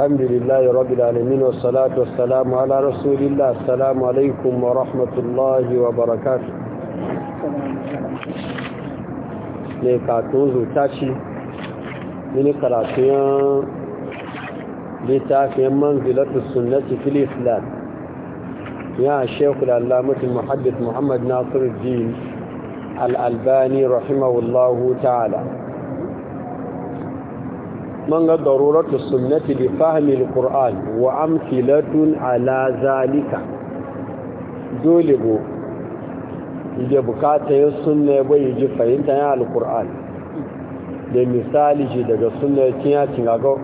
الحمد لله رب العالمين والصلاة والسلام على رسول الله السلام عليكم ورحمة الله وبركاته ne katun zuta ce mini karatun littafin manzilatu sunnati fil islam ya shekul allamatul muhaddith muhammad nasiruddin al-albani rahimahullahu ta'ala man ga daruratu sunnati li fahmi alquran wa amthilatun ala zalika dole go ije bukata yin sunna bai ji da misali ji daga sunna kiya cingago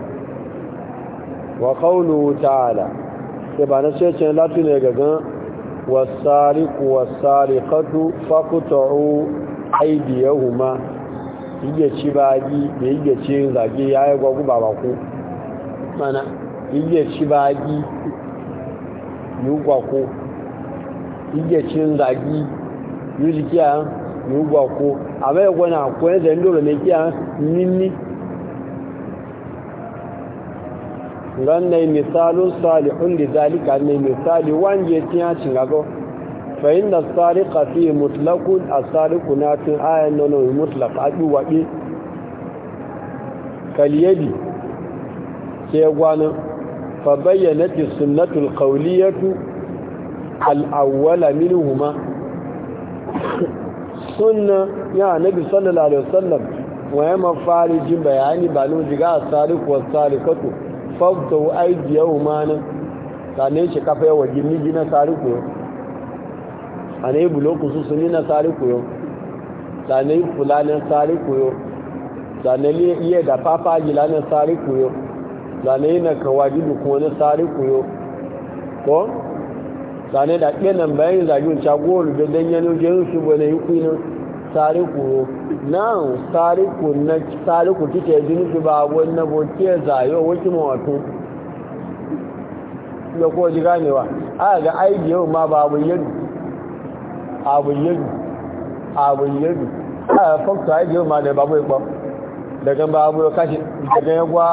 wa qawluhu ta'ala sai ba na sai cin latu ne gagan wasariqu wasariqatu faqta'u aydiyahuma yige ci na da yige ci zage ya yi gwagu ba ku mana yige ci bagi yi gwaku yige ci zage yi jikiya yi gwaku a bai gwana kwanar da ndoro na nini ganna misalun salihun da zalika ne misali wanda ya tiya cin gago fa'in da tsari kafi mutlakun a tsari kunatun ayan nono mutlak a ɗuwaɗe kaliyadi ke gwanin fa bayyana ti sunnatul kauliyatu al'awwala huma. sunna ya nabi sallallahu alaihi wasallam waye mafari jin bayani ba nun jiga a tsari kuwa tsari kato fagta wa aijiyar umarnin sanin shi kafa yawa gini gina tsari kuwa ana yi buloku su suni na sari koyo sane yi fula na sari koyo sana iya da fafa gila na sari koyo sane yi na kawaji dukkan na sari koyo ko sane da ɗaya nan bayan zagin cagowar da danyen su shi bane yi kuinan sari koyo nan sari ku na sari ku kike jini su ba wannan boke zayo wakil mawato da ko ji ganewa a ga aiki yau ma babu yadda àwòyẹ́lù àwòyẹ́lù fọ́kùtù ayé yóò máa lẹ̀bà bóyí pọ̀ dagan ba káṣì dagan ẹgbà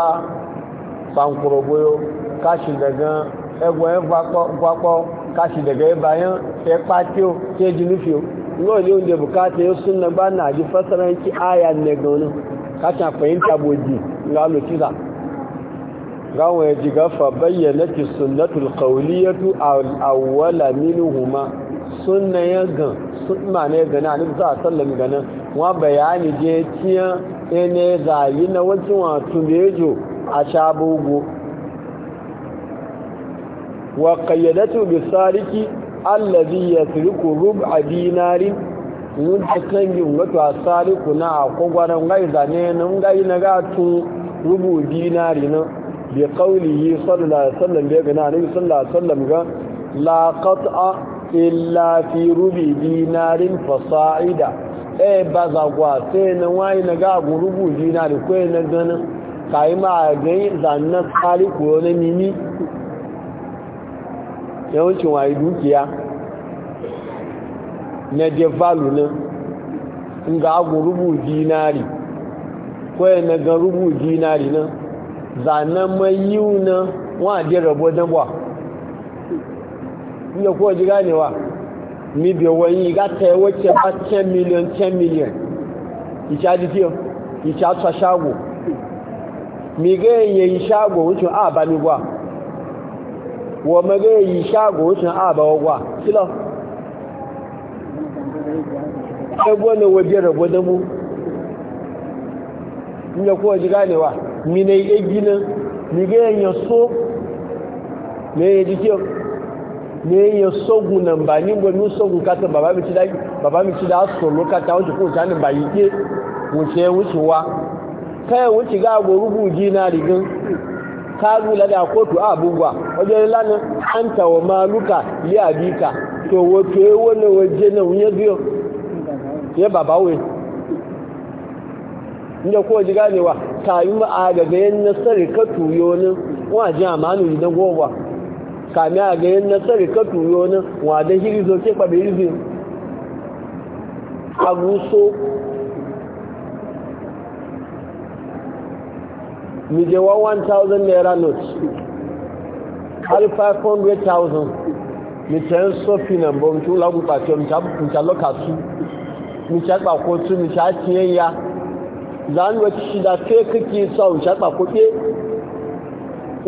pankoro káṣì dagan ẹgbà ẹgbàpọ̀ káṣì dagan ẹgbà yán ẹpá tí ó tí é jù sunna ya gan sunna ne gana a nufi a sallam gana wa bayani je tiya ene zayi na wajin wa tumejo a shabugo wa qayyadatu bi sariki allazi yasriku rub'a dinarin mun ta kan yi wato a sariku na akogwaran gai zane na gai na tu rubu dinari na bi qawlihi sallallahu alaihi wasallam bi gana a sallallahu alaihi wasallam ga la qat'a illa fi rubi dinarin fasa'ida e ba za kwa sai na wani na ga rubu dinari ko na ganin kai ma a ga zanna tsari ko na mimi yawancin wayi dukiya na devalu ne ga rubu dinari ko na ga rubu dinari na zanna mai yiwu na wa je rabo dan ba inda kowa ji ganewa mi bai wani ga ta yi wacce ba 10 miliyan 10 miliyan isha jikiyo isha ta shago mi ga yayi shago wucin a ba mi gwa wa ma ga yayi shago wucin a ba gwa kilo ebo ne waje rabo da mu inda kowa ji ganewa mi na yi eginin mi ga yayi so me ya jikiyo na ya sogu nan ba ni gwani sogu kasa baba mi cida baba mi cida so lokata wuce ko ta ni ba yi ke wuce wucewa kai wuce ga rubu ji na rigin ka lula da kotu a abubuwa wajen lana an tawa maluka li abika to wato ya e wani waje nan ya biyo ya baba inda ko ji ganewa ka tuyo nan wajen na gowa kàmí àgẹ́yẹ́ nẹ́sẹ̀rì kẹ́tù yóò ní wọ́n àdé hírízo tí pàdé hírízo agúsó mijewa 1000 naira note al 500,000 mìtẹ̀ ń sọ́fì nàmbọ̀ tí ó lágùn pàtí ọ mìtẹ̀ lọ́kàtú mìtẹ̀ pàkótú ya àti ẹ̀yà zanwe shida fake kisa uncha pakote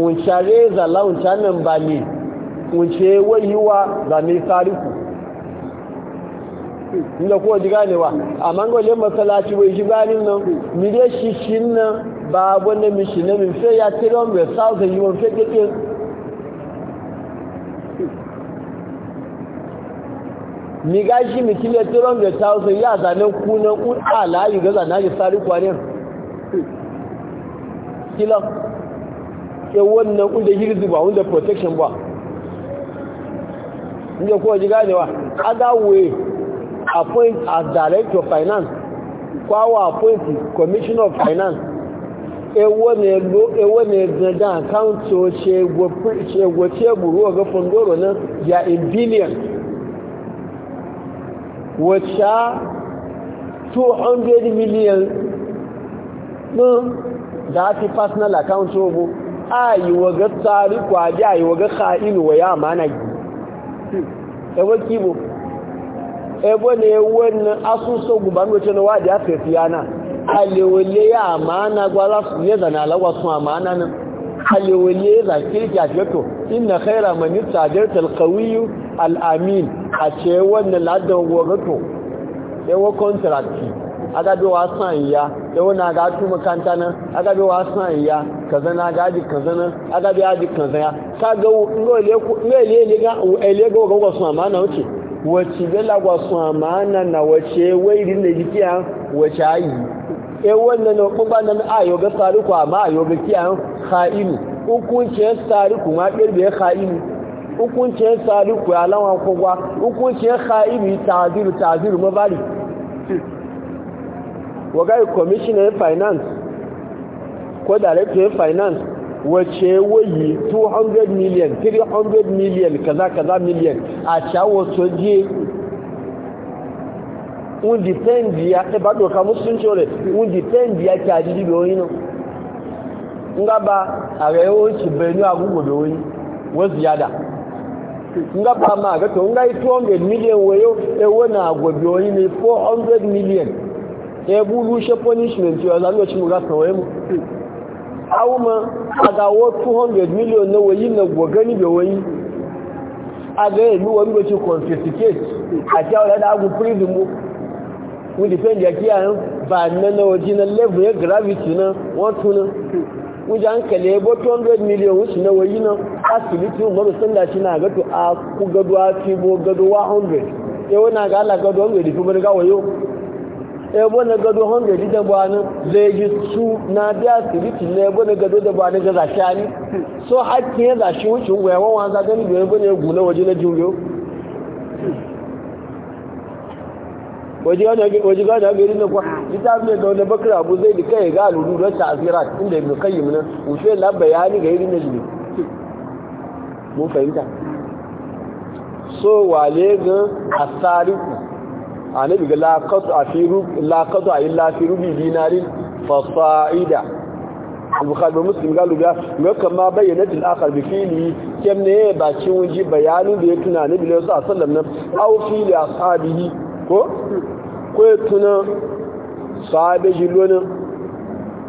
uncha reza la uncha nambani kunce wayiwa zame sariku inda kuwa ji ganewa A ga wajen masalaci wai shi ganin nan mire shi shi nan ba wanda mishi na min fe ya 300,000 yi wanda fe ni gashi mutum ya 300,000 ya zanen kunan ƙun'a layi ga zanen ya tsari kwanin nan kilan ke wannan ƙunda hirzi ba wanda protection ba inda kowa ji ganewa other way appoint as director of finance kwawa appoint commissioner of finance ewo ne gada account so shegwo teburu ga fundoro na ya a billion wacce 200 million na da personal account so bu a yi waga tsari kwaji a yi waga ka'inu wa ya mana gi ewe kibo ebe na ewe na asuso guba ngoce na ya aka fi yana alewele ya amana gwala su ne zana alagwa sun amana nan alewele ya za kirki a feto inna khaira mani tsadar talkawiyu al'amin a ce wannan ladan gogato yawa contract aga bi wa san iya yau na ga tu makanta nan aga bi wa san iya kaza na ga ji kaza nan aga bi aji kaza ya ka ga ngole ku ngole le ga ele go go sun amana wuce wace be la go sun amana na wace wai din da jikiya wace ayi e wannan no ko ba nan ayo ga tsari ku ma ayo ga kiyan kha'inu hukuncin tsari kuma kirbe kha'inu hukuncin saliku ya lawan kogwa hukuncin ha'ibi ta'ziru ta'ziru mabari wagai commissioner finance ko director finance wace wayi 200 million 300 million kaza kaza million a chawo soje un depend ya e ba do ka musun chore un depend ya ki ajiji be oyin ngaba are o chi be ni agugo be oyin wo ziyada ngaba ma ga to ngai 200 million wayo e wona agobi oyin 400 million ebulu she punishment yo zanu chi mu ga kawai mu awuma aga wo 200 million na na gogani be aga emi wo ngo chi confiscate ati awla da agu prison mu we defend ya kiya ba nan na original level ya gravity na won na. wujen hankali ya boto 100 million na sanda na a ku 100 na ga 100 ebo na gado honda di da bani zai ji su na biya siriti na ebo na gado da bani ga zashi ani so hakki ya zashi wuce gwaya wawa za gani da ebo ne gula waje na juyo waje gani ga irin na kwa ita ne ga wani bakar abu zai di kai ga aludu don ta'asirat inda ibn qayyim nan wuce la bayani ga irin da jini mun fahimta so wale ga asariku annabi ga laqatu a illa fi rubi dinarin fasa'ida al-bukhari da muslim ga luga ga ma bayyana al-akhar bi fili kem ne bakin wuji bayanu da ya tuna nabi sallallahu alaihi wasallam nan aw fi li ashabihi ko ko ya tuna sahabe jilona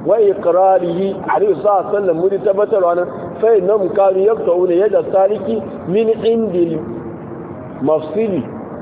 wa iqrarihi alaihi sallallahu alaihi wasallam mudi tabbatarwa nan fa innam kanu yaqta'una yadda saliki min indil mafsili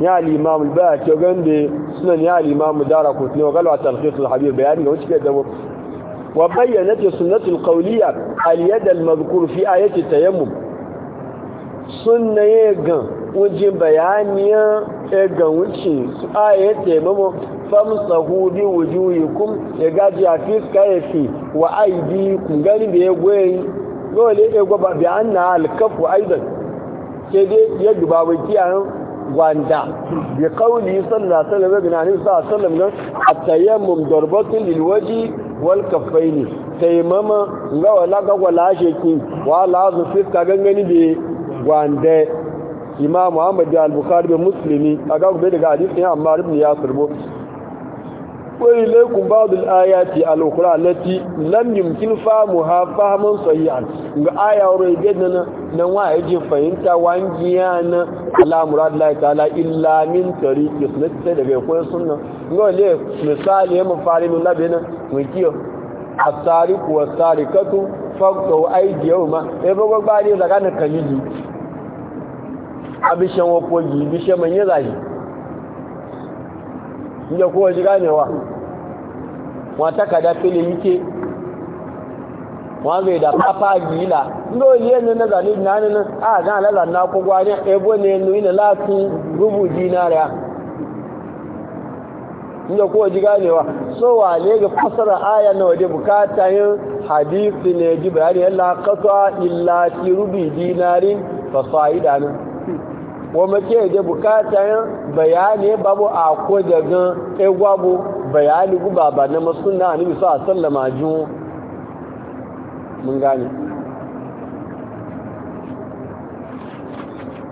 ya al-imam al-bayhaqi gande sunan ya al-imam daraqutni wa galwa talqis al-habib bayani ga wuce da wa bayyanat sunnat al-qawliya al-yad al-madhkur fi ayati tayammum sunnaye gan wajen bayaniya ga wuce ayati tayammum famsahu bi wujuhikum ya gaji a fiska ya fi wa aidi kun gani da ya goyi dole ya gwaba bi an na alkafu aidan sai dai ya duba wiki a gwanda bi qawli sallallahu alaihi wasallam ibn sallallahu alaihi wasallam at-tayammum darbatun lil waji wal kaffaini tayammama ga wala ga wala sheki wala zu fiska gangani bi gwanda imam muhammad al-bukhari bi muslimi aga ko be daga hadisi amma ibn yasir bo al بعض al-ukhra التي lam yumkin fahmuha fahman sahihan ga aya wurin gidan nan wa ji fahimta wangiya na ala murad la ta'ala illa min tariqi sunnati daga koyar sunna ngo le misali ya mafari min a mun kiyo asariq wa sarikatu faqtu aydiyuma e ba gba ne daga na kaliji abishan wa koji bishe man ya zahi inda kowa ji ganewa wata kada fili yake wọn zai da papa gila ndị olie na zane ah, na na a ga ala na akwụkwọ na enu ina lati rubu inda kowa ji ganewa so wa ne ga fasara aya na waje bukata yin ne ji bayani yalla kasa illa ti rubi dinarin fa bukata babu a ko daga egwabo bayani gubaba na mun gane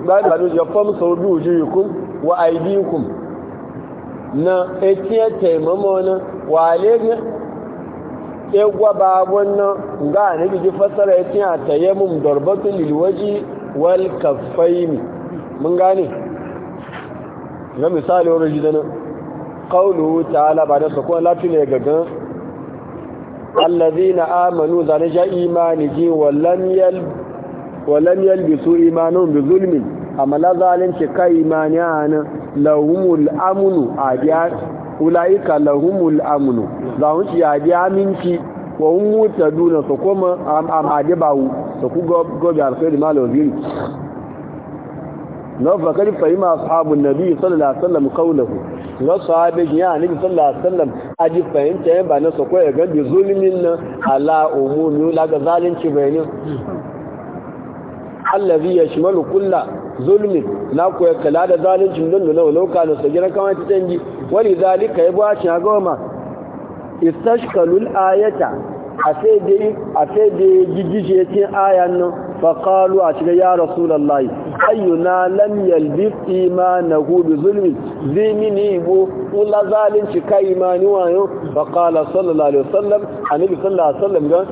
ba da ya famsa bi wujuhikum wa aydikum na etiye taimama na wale ne egwa ba wannan ga ne biji fasara etiye a tayammum darbatul lilwaji wal kaffaini mun gane ga misali wani jidana qawluhu ta'ala ba da sakon ne gagan allazina amanu zane ja imani ji walam yalbisu imanun bi zulmin amala zalunci ka imani ana lahumul amnu adiya ulaika lahumul amnu zalunci adiya aminci wa hum mutaduna su kuma amadi bawu su ku gobe alkhairi malawziri na fakari fahima ashabun nabi sallallahu alaihi wasallam qawluhu na sahabin ya annabi sallallahu alaihi wasallam fahimta yan ba na so ko ya ga bi zulmin na ala umumi la ga zalunci bayanin allazi yashmalu kullu zulmin na ko kala da zalunci don nuna lauka na kamar wani zalika ya bawa a a cin a cikin ya ayyuna lam yalbis imanahu bi zulmi zimini bu ula zalunci ka imani wayo fa qala sallallahu alaihi wasallam annabi sallallahu alaihi wasallam ga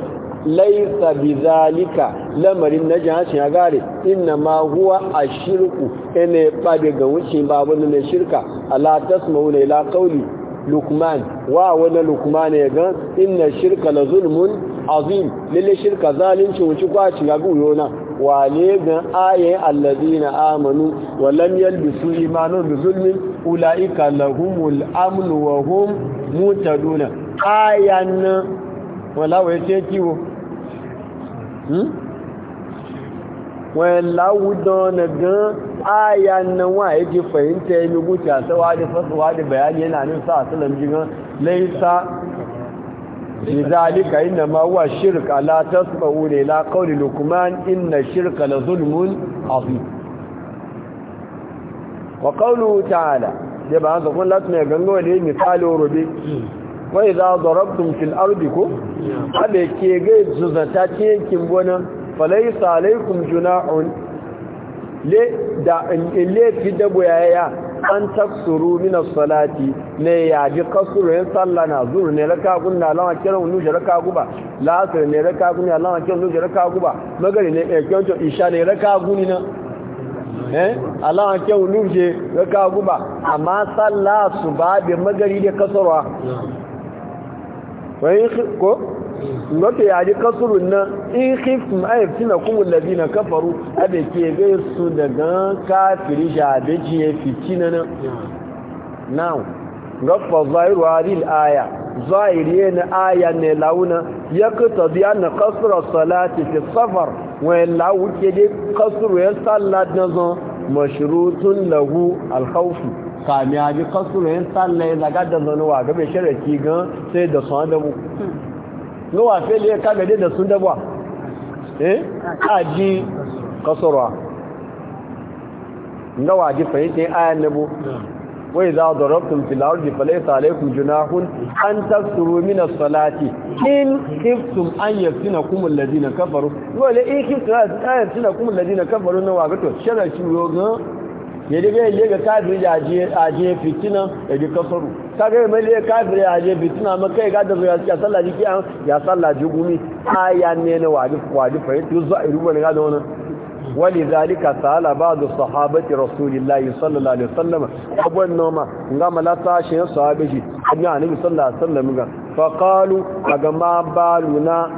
laisa bizalika lamarin na jihashin ya gare inna ma huwa a shirku ene ɓabe ga wucin babu na shirka ala ne ila kauli lukman wa wani lukman ya ga inna shirka la zulmun azim lalle shirka zalunci wuci kwaci ga guyona wale gan ayayin allazina amanu walam lam yalbisu imanu bi zulmin ulaika lahumul amnu wa hum mutaduna ayan wala wai ce kiwo hmm wala wudon gan ayan nan wa yake fahimta yayin guta sai wadi fasawa da bayani yana nan sa asalan jigan laisa fi zalika inna ma huwa shirka la tasma'u ila qawli luqman inna shirka la zulmun azim wa qawluhu ta'ala da ba haka kun latsa gango ne misali rubi wa idza darabtum fil ardi ku abe ke ga zuzata cikin gona falaysa alaykum junahun le da in le fi da boyaya an tafsuru min as-salati ne ya ji kasuru yin sallah na zuhr ne raka na lawan kiran nu da raka guba lasir ne raka gunna lawan kiran nu da raka guba magari ne e eh, kyanto isha ne raka guni na eh alawa kiran nu je raka guba amma sallah su ba bi magari da kasarwa. ko mafi ya kasurun nan in hifin ayyafci na kumun labi na kafaru a ke gai su daga kafiri shabeji ya fiti na nan now gafa zahiru haril aya zahiri na aya ne launa ya kuta biya na kasurar salati fi safar wani lawu ke dai kasuru ya sallat na zan mashirutun lagu alhaufu sami ya ji kasuru ya sallat ya zaga da zanuwa gabe shiraki gan sai da sanadamu ní wà ka kágẹ̀dẹ́ da sun dabuwa eh aji kasorwa ní wà ji fahimta ayan nabu wai za a darabtun filawar da falaisa alaikun junahun an tafsuru mina salati in kiftum an yafi na kuma ladina kafaru wale in kiftum an yafi na kuma ladina kafaru na wagato shirar shi yogon ya diga yi ga kafiri a aje fitina ya ji kasaru kaga ya liya kafiri ya aje fitina ma kai ga da zuwa ya tsalla jiki kiyan ya sallah ji gumi aya na wadi wadi fa yato zuwa iru wani gada wani wani zalika tsala ba da sahabati rasulillahi sallallahu alaihi wasallam noma malata shi sahabi shi sallallahu alaihi wasallam ga baluna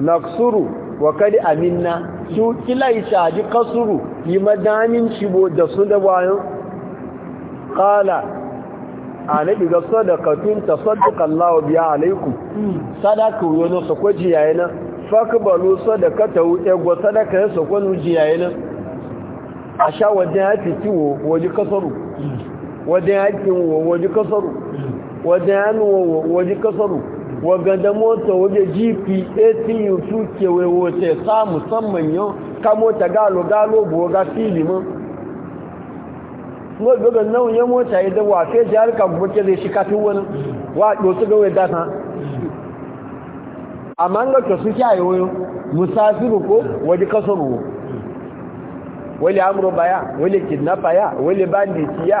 naksuru wa kadi aminna su kila ji kasuru yi madamin cibo da su da bayan kala a nabi ga sadakatun ta sadakallahu biya alaikun. sadaka wuyo na sako jiyaye sadaka ta sadakata gwa sadaka ya sakwa nu jiyaye nan a sha wajen ya fi waje kasaru wajen ya kiwo waje kasaru wajen ya nuwo waje kasaru wagada moto waje gp 18 yusu wewote wace sa musamman yau ka mota galo-galo buwa ga filimin wọ́n gbogbo náà yẹ mọ́ta ẹ̀dẹ́ wà fẹ́ jẹ́ àríkà gbogbo lè ṣíká tí wọ́n wà tó tó gọ́wẹ́ dáta a ma ń lọ́tọ̀ sí kí àyẹ̀wò musafiru ko waje wọ́dí wali wọ́lẹ̀ baya wali kidnapper ya wali bandit ya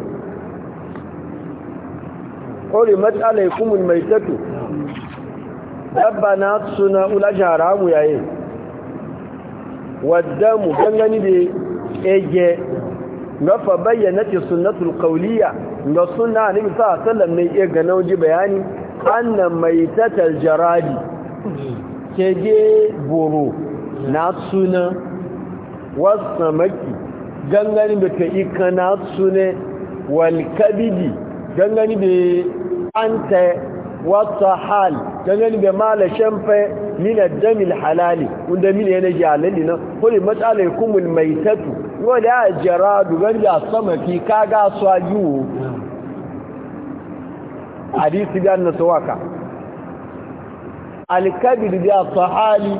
mai alaikumul maitatu na suna ulaji haramu yayin wadda mu gani da ege ga fa bayyana ce sunnatul qawliya ga suna annabi sallallahu alaihi wasallam ne ya ga nauji bayani mai tattar jaradi kege boro na suna wasu samaki, ganganin da ta ikana sune walkabidi gangani be anta wata hal gangani be mala shamfe min ad halali wanda min yana ji halali na kulli matsalaikum al-maitatu wala jaradu ganja fi kaga swaju hadisi ga annasawaka al-kabir bi at-tahali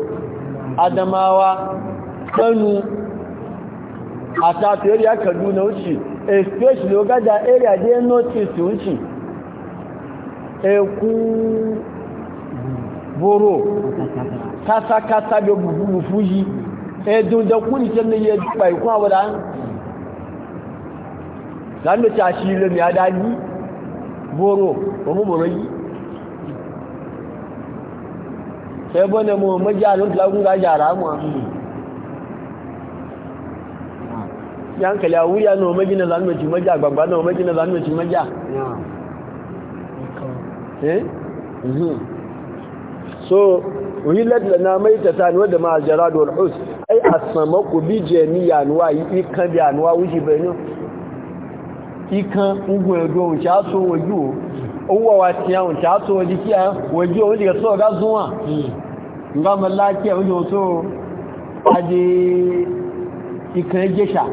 adamawa kano a area kaduna wuce especially ogada area dey northeast wuce eku boro kasa-kasa da bufu yi edun da kuni can da yi bai kuma wadda an zanu ta shi ilimi adani boro omu boro yi sai bane mu majalin lagun ga jara mu yankali a wuya na omegi na zanuwa ci maja gbagba na omegi na so wilat na mai ta tani wadda ma aljara da walhus ai sama ku bi jeniya nuwa ikan bi anuwa wuji benin ikan ugun edo wuce aso uwa wasiya tiya un ta so di kiya waje o diga so zuwa nga malla kiya waje so aje ikan jesha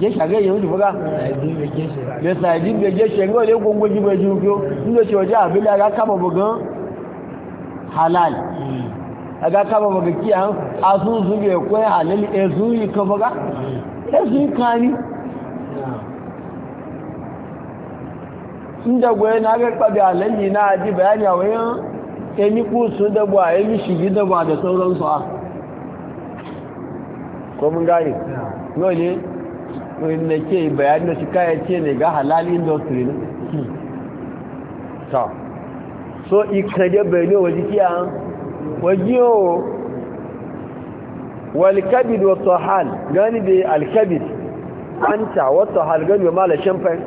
jesha ga yin waje ga ya saidi ga jesha ngo le gongo ji baji ko ndo ci waje abila ga kama bugan halal aga kama bugan kiya azu zube ko halal e zuyi ka buga e zuyi kani inda goyi na ga kwabi alalli na aji bayani a wayan emi kusu da ba emi shigi da ba da sauransu a ko mun gani no ne wani na ke bayani da shi kayan ce ne ga halal industry ne ta so ikade bayani waje kiya waje o walkabid wa hal gani da alkabid anta wa hal gani wa mala shamfai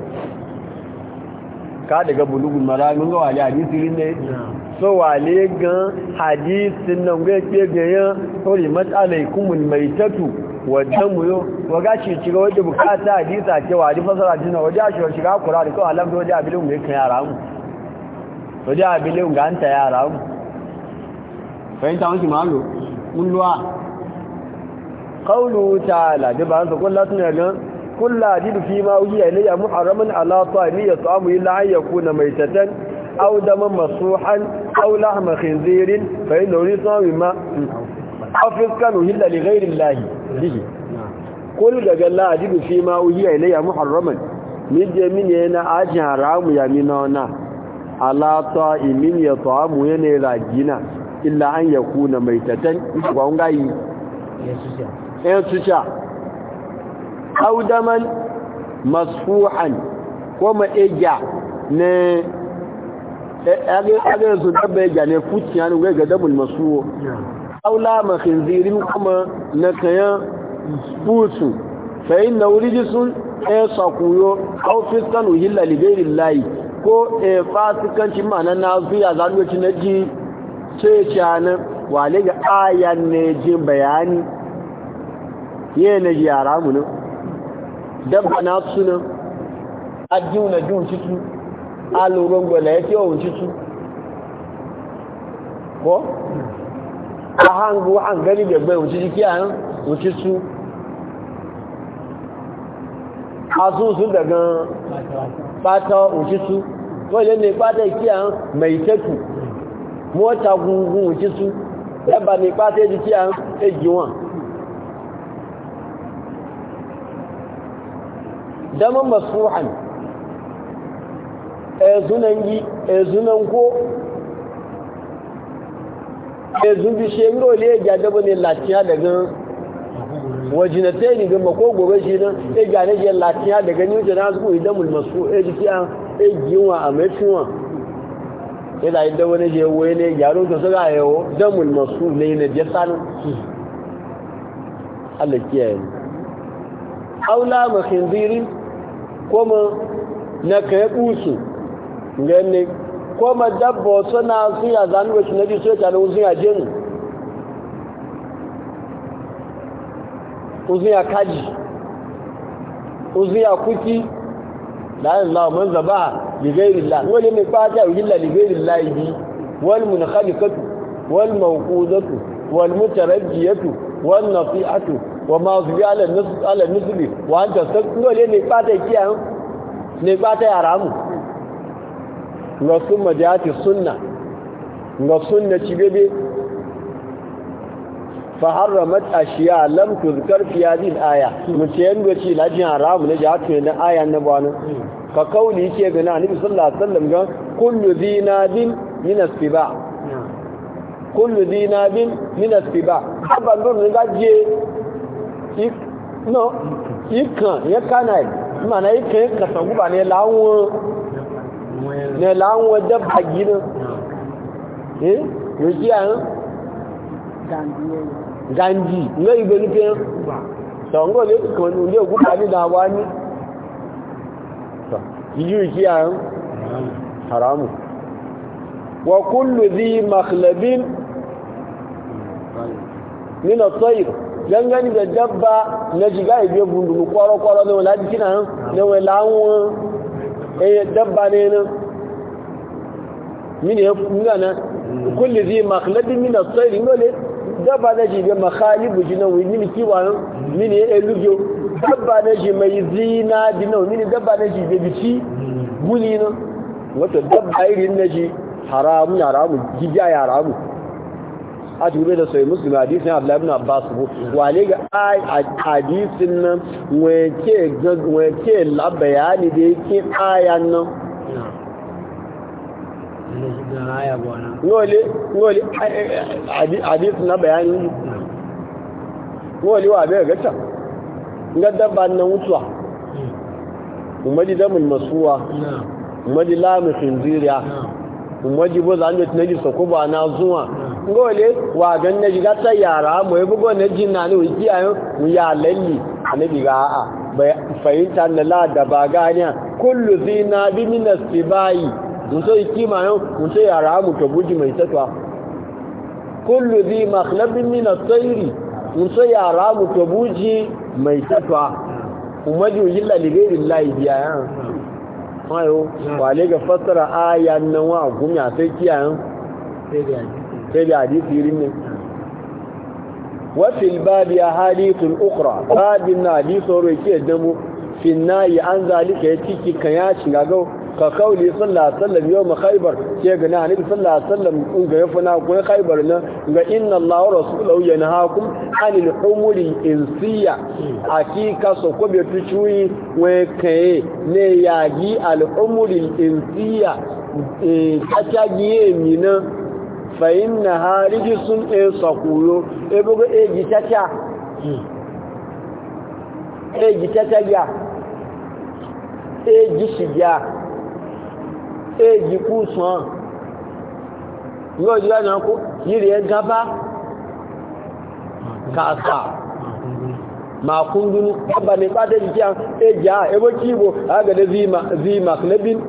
ka daga bulugun maramin ga wale hadisi ne so wale gan hadisin nan ga ke gayan sori matsalaikumul maitatu wajen mu yo waga shi shiga wajen bukata hadisa ce wali fasara jina waje shi shiga kura da kawai alamda waje abilin mu yakan yara mu waje abilin ga anta yara mu fahimta wani malo ƙulluwa ƙaunu ta ladi ba su ƙulla suna gan kulla jidu fi ma wuya ilayya muharraman ala ta'imi ya samu illa an yakuna maitatan aw daman masuhan aw lahma khinzirin fa inna rizqa mimma afis kanu hilla li ghayri llahi bihi kul daga la jidu fi ma wuya ilayya muharraman min je min yana ajin haramu ya min ona ala ta'imin ya ta'amu yana ragina illa an yakuna maitatan wa ngai ya tuca audaman masfuhan ko ma'ija ne e, agayar su dabba ne fuciya ne ga dabul masuwo aula makhinzirin kuma na kaya fusu sayin na wuri jisun ɗaya e sakuyo haufiskan uhilla liberin layi ko e fasikancin ma'ana na zuya zanuwaci na ji ce canan wale ga ayan ne jin bayani yana ji yara mu dabba na suna na jun cikin aluron gwala ya tiyawun cikin ko? a hangu an gani gbegbe wuce a wuce su a daga bata wuce su wale ne bata jiki a mai teku mota gungun wuce su dabba ne bata jiki a yan daman masfuhan ezunan eh, yi ezunan eh, ko ezun eh, bi ṣe ń rọ̀lẹ́ ẹjà dẹ́bọn ni latin daga wajina ta yi gama ko gobe shi nan ẹjà na jẹ latiya daga ni wuce na zuku idan mulmasu ẹjì ji a ẹjì wa a mẹ́fíwa ẹ̀dà da idan wani je na ne yaro ta ga yawo, dan mulmasu ne yi na jẹ sanu ne. aula makinzirin kuma na kai busu ganin kuma dabbo suna sun ya zanu ga na biyu ta nan sun ya jin uzun ya kaji uzun ya kuki la ilaha man zaba li ghairi allah wani ne fata illa li ghairi allah bi wal munkhaliqatu wal mawqudatu wal mutarajjiyatu wan nafi'atu wa ma zubi ala nusuli wa an ta sakuro le ne kpata kiyayen ne kpata yara mu ga sun majiyati sunna ga sunna ci bebe faharramat ashiya lam tuzkar fi ya zin aya mutum yanda ce lajin haramu ne ja tun nan aya na bani ka kauli ke ga na annabi sallallahu alaihi wasallam ga kullu dinadin min as-siba kullu dinadin min as no ikan ya kana mana ikan ka sagu ba ne lawo ne lawo da bagi ne eh yo ji an ganji ne ibe ni pe so ngo le ko ni le ogun ba ni da wa ni so yi haramu wa kullu dhi makhlabin min at-tayr gangani da dabba na jiga ibe e gundumu kwaro-kwaro na wala jikina nan na wala wọn ɗaya e, dabba ne nan mini ya kunga nan mm. kulle zai makalabin mina tsari nole dabba na jibe makalibu ji nan mini kiwa nan mini ya e elugyo dabba na ji mai zina di nan mini dabba na jibe bici mm. guni nan wata dabba irin na ji haramu haramu jiga ya haramu a tube da sai muslim hadisin abu labin abbas bu wale ga ai hadisin nan wake wake la bayani da yake ayan nan Nwole, nwole, hadith na bayani, nwole wa bai gata, ga dabba na mutuwa, umaji damin masuwa, umaji lamu sinziriya, umaji boza an da tunaji sakuba na zuwa, ngole wa gan na jiga ta yara mu yi bugo na jin na ni wiki ayo mu ya lalli annabi ga a'a bai fahimta na la da ba ganiya kullu zina bi min asibai mun so yi ma yo mun yara mu to buji mai tatwa kullu zi makhlabin min at-tayri mun so yara mu to buji mai tatwa umaju illa li ghairi biya biya ayo wale ga fassara ayan nan wa gunya sai kiyayen sai da sai da hadisi rin ne wafil babi ya halittun ukra babin na hadisun roke damu finnayi an zalika ya ciki kan ya shiga gau ka kauli sallallahu alaihi wasallam yau ma khaybar ke ga na nabi sallallahu alaihi wasallam kun ga yafuna ko khaybar na ga inna allaha wa na hakun anil humuri insiya akika so ko be tuchuyi we kai ne yagi al humuri insiya e eh, kacha giye mina fàyín na ha ríjì sun e sọ̀kúrò ebogbo èjì tẹ́tẹ́ èjì tẹ́tẹ́ yà èjì ṣìgbà èjì kú sàn yóò jẹ́ ọ̀nà kú yìí rẹ̀ gábá kàkà makundunu abba ne ba da jikiya ejiya ebo kibo aga da zima klebin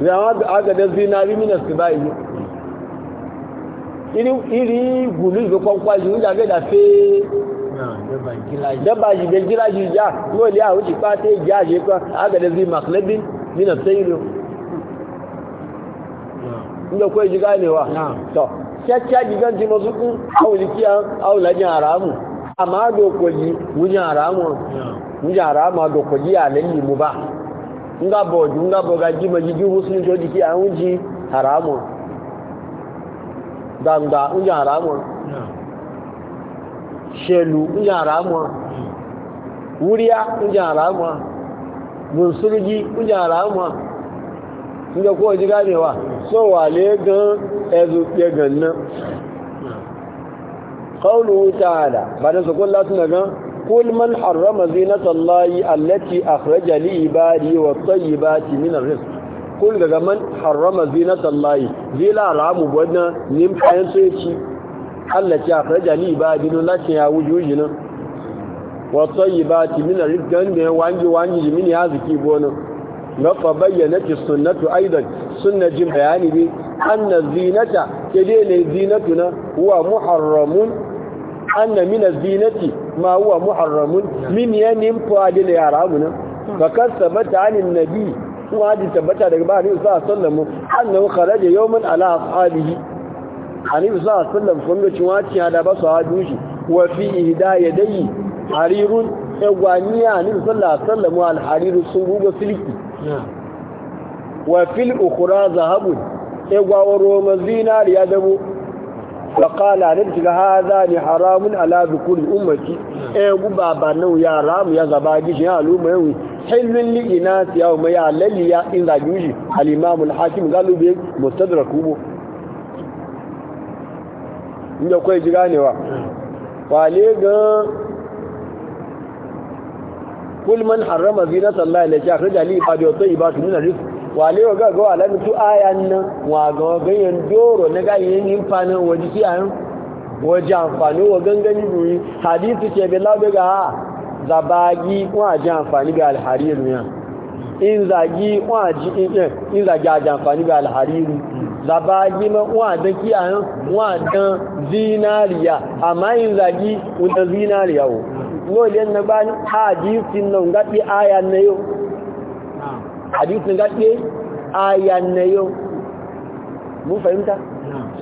zama agadar zinari minas su ba yi iri gulu ibe kwankwa ji wuja bai da fe daba ji bai jira ji ja no liya wuce fata ya ja je kwa agadar zin maklabin minas sai ilo inda kawai ji ganewa to kyakya gigan ji masu kun aulikiya aulajin haramu amma dokoji wujen haramu wujen haramu dokoji a lalli mu ba nga boji nga boga ji ma jiji musulun joji ki an wuji haramun danda unji haramun shelu unji haramun mm. wuriya unji haramun bunsurji unji haramun inda kowa ji ganewa mm. so wale gan ezuɓe gannan ƙaunuhu ta'ala ba da su kulla suna gan Kul man قل من حرم زينة الله التي أخرج لعبادي والطيبات من الرزق قل daga man harrama zinatallahi zila ramu wannan nim kayan soyaci Allah ya faraja ni ibadi nun lati ya wujuji nan wa tayyibati min rizqan da wangi wangi min ya ziki bonan na fa bayyanati sunnatu aidan sunna jin bayani bi anna zinata kede ne zinatuna huwa muharramun anna min az-zinati ma huwa muharramun min yanin fadil ya ramuna fakar sabata anin nabi kuma hadin tabbata daga ba annabi sallallahu alaihi wasallam annahu kharaja yawman ala ashabihi annabi sallallahu alaihi wasallam kun ga cewa ci hada ba su hadu shi wa fi hidayadai harirun egwaniya annabi sallallahu alaihi wasallam al hariru sun gugo siliki wa fil ukhra zahabun egwawaro mazinariya dabo faƙala ne shiga haza ne haramun ala bikurin umarci ɗaya guba ya ramu ya zaba gishi ya al'umma yau hillun li'ina su yawon mai alalli in zagi shi alimamun hakim galibin mustadar kubo inda kwai ji ganewa wale ga kulman harama zinatan lai da shi a kirjali ba ba su nuna risk wale wa ga gawa la tu ayan nan wa ga ganyen doro na ga yin imfanin waje ki ayan waje amfani wa gangani duyi hadisi ke bela daga zabagi wa ji amfani ga alhariru ya in zagi wa ji in eh, zagi a ji amfani ga alhariru zabagi ma wa da ki ayan wa dan zinariya amma in zagi wa da zinariya wo lolin na bani hadisin nan gaɗi ayan na yau hadisin gaɗe ayan na yau mun fahimta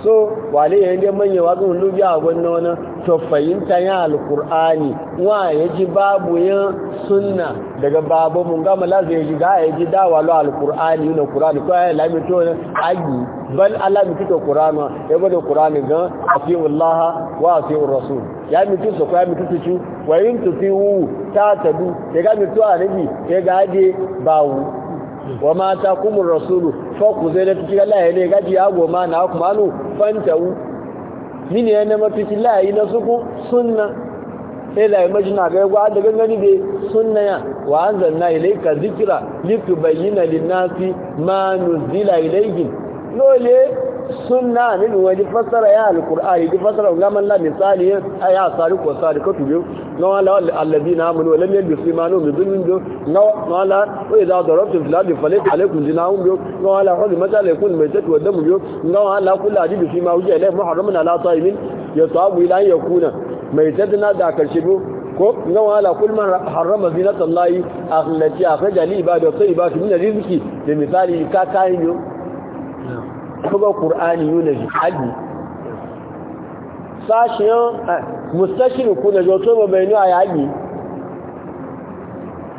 so wale yayin da manya wazin lubi a gwanna wani to fahimta ya alkur'ani wa yaji ji babu yin sunna daga babu mun gama lazu zai ji za ya da dawa lo alkur'ani yi na kur'ani ko ya lamito na agi bal allah miki to kur'ani ya gwada kur'ani ga asiullah wa asiur rasul ya miki so ko ya miki su ci wa yin tufiwu ta tadu ya ga mito a nabi ya ga ade bawu wa ta kumur rasulu fa ku zai da cikin laye ne gaji ya goma na kuma anu fantawu mini yana mafici laye na suku sunna sai laye majina ga yagwa da gangani da sunna ya wa an zanna ka zikira litu bayyana linnasi ma nuzila gini. lole suna ne waje fasara ya alqur'ani di fasara ga man la misali aya sariku ka tuje na wala na amanu wa lam yalbisu imanuhum bi dhulmin biyu na wala wa idha darabtum fil ardi falaysa alaykum jinahum biyu na wala hurmat alaykum maytatu wa damu biyu na wala kullu ajib fi ma wujia ilayhi muharraman ala ta'imin yasabu ila an yakuna maytatuna da karshe biyu ko na wala kullu man harrama zinatallahi akhlati akhraja li wa sayyibati min rizqi da misali ka kayin biyu buga ƙur'ani yuna jihadi sashiyo eh, mustashiru kuna joto ba bai nuna yaƙi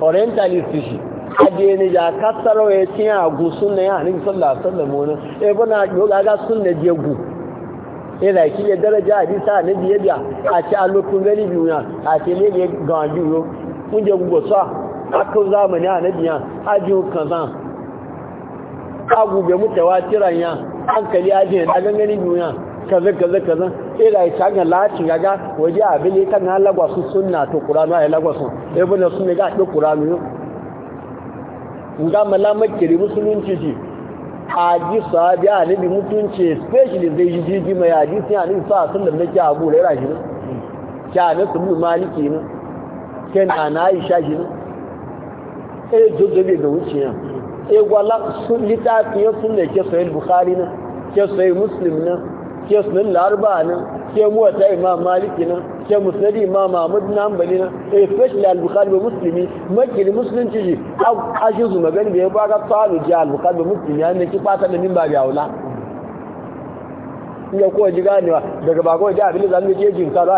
orientalist shi aje ne ya kasaro ya ci a gu sunna ya sallallahu alaihi wasallam mona e eh, bana yoga ga sunna je gu e da ki ya daraja hadisa na biye biya a ci a lokun gani biya a ci ne ga gandu yo kun je gugu sa aka zamani a na biya ajiyo kazan ka gube mu mutawatiran ya hankali aje na gangani duniya kaza kaza kaza sai ila ita ga lati gaga waje abin ita na lagwa su sunna to qur'ani ya lagwa su ibn sunni ga da qur'ani nga malama kiri musulunci ji haji sahabi bi mutunci especially zai ji ji mai sai annabi sa da nake abu da rashi ne kya na sunu maliki ne kenan aisha shi ne eh dukkan da ga wuciya e gwala sun littafi ya sun da ke sahih bukhari nan ke sahih muslim nan ke sunan larba nan ke muwata imam maliki nan ke musnad imam mahmud nan hanbali nan especially al-bukhari ba makil musulunci ji a shi su magani da ya baka tsalu ji al-bukhari ba muslimi an da ki fata da min ba ga wula ya ji ganewa daga bako ji abin da zan ji jin karo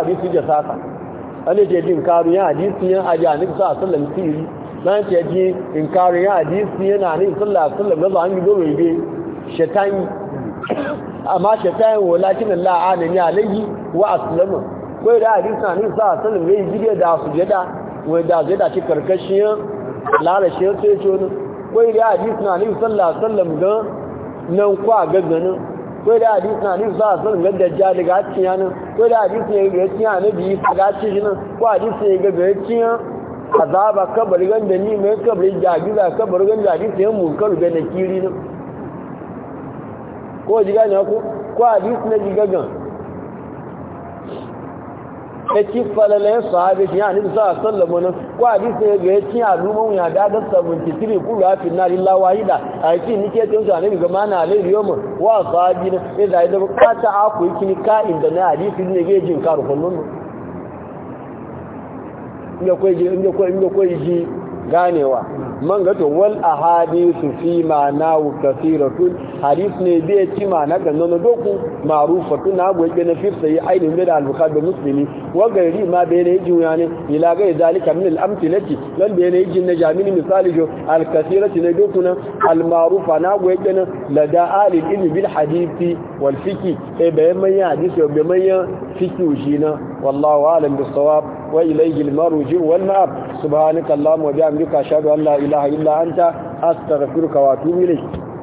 jin na ce ji in kare ya hadisi yana ne sallallahu alaihi wasallam gaza an gido be shaitan amma shaitan walakin Allah anani alayhi wa aslama kai da hadisi na ne sallallahu alaihi wasallam yayi da su jada wai da jada ci karkashin shi sai ce ne kai da hadisi na ne sallallahu alaihi ga nan kwa gagganin kai da hadisi na ne sallallahu alaihi ga dajja daga ciyanin kai da hadisi ne ga ciyanin bi ga ciyanin ko hadisi ne ga ciyanin azaba kabar ganda ni mai kabar jagiza kabar ganda sai mun karu ga nakiri nan ko ji gane ku ko hadis na gagan ta e ci ya sahabi shi yanin sa sallama nan ko hadisi ga ya ci mun ya da 73 kullu afi na lilla wahida a yi ni ke tun sa ne ga mana riyo yoma wa sahabi na e ya zai da bukata aku yi kini ka inda na hadis ne ga jin karu kullun inda kwai ji ganewa man to wal su fi ma na kasiratun hadis ne bai ci ma na ganna na doku ma'rufa tun na goyi na fi sai ainihin bai da al-bukhari da muslimi wa gairi ma bai ne jin ya ne ila ga zalika min al-amthilati lan bai ne jin na jamini misali jo al-kathirati na doku na al-ma'rufa na goyi na lada ahli ilmi bil hadisi wal fiqi sai e bayan manyan hadisi bai manyan fiqi shi na wallahu alam bis-sawab wa ilayhi al-marji wal ma'ab subhanaka allahumma wa bihamdika ashhadu an la ilaha illa anta astaghfiruka wa atubu ilayk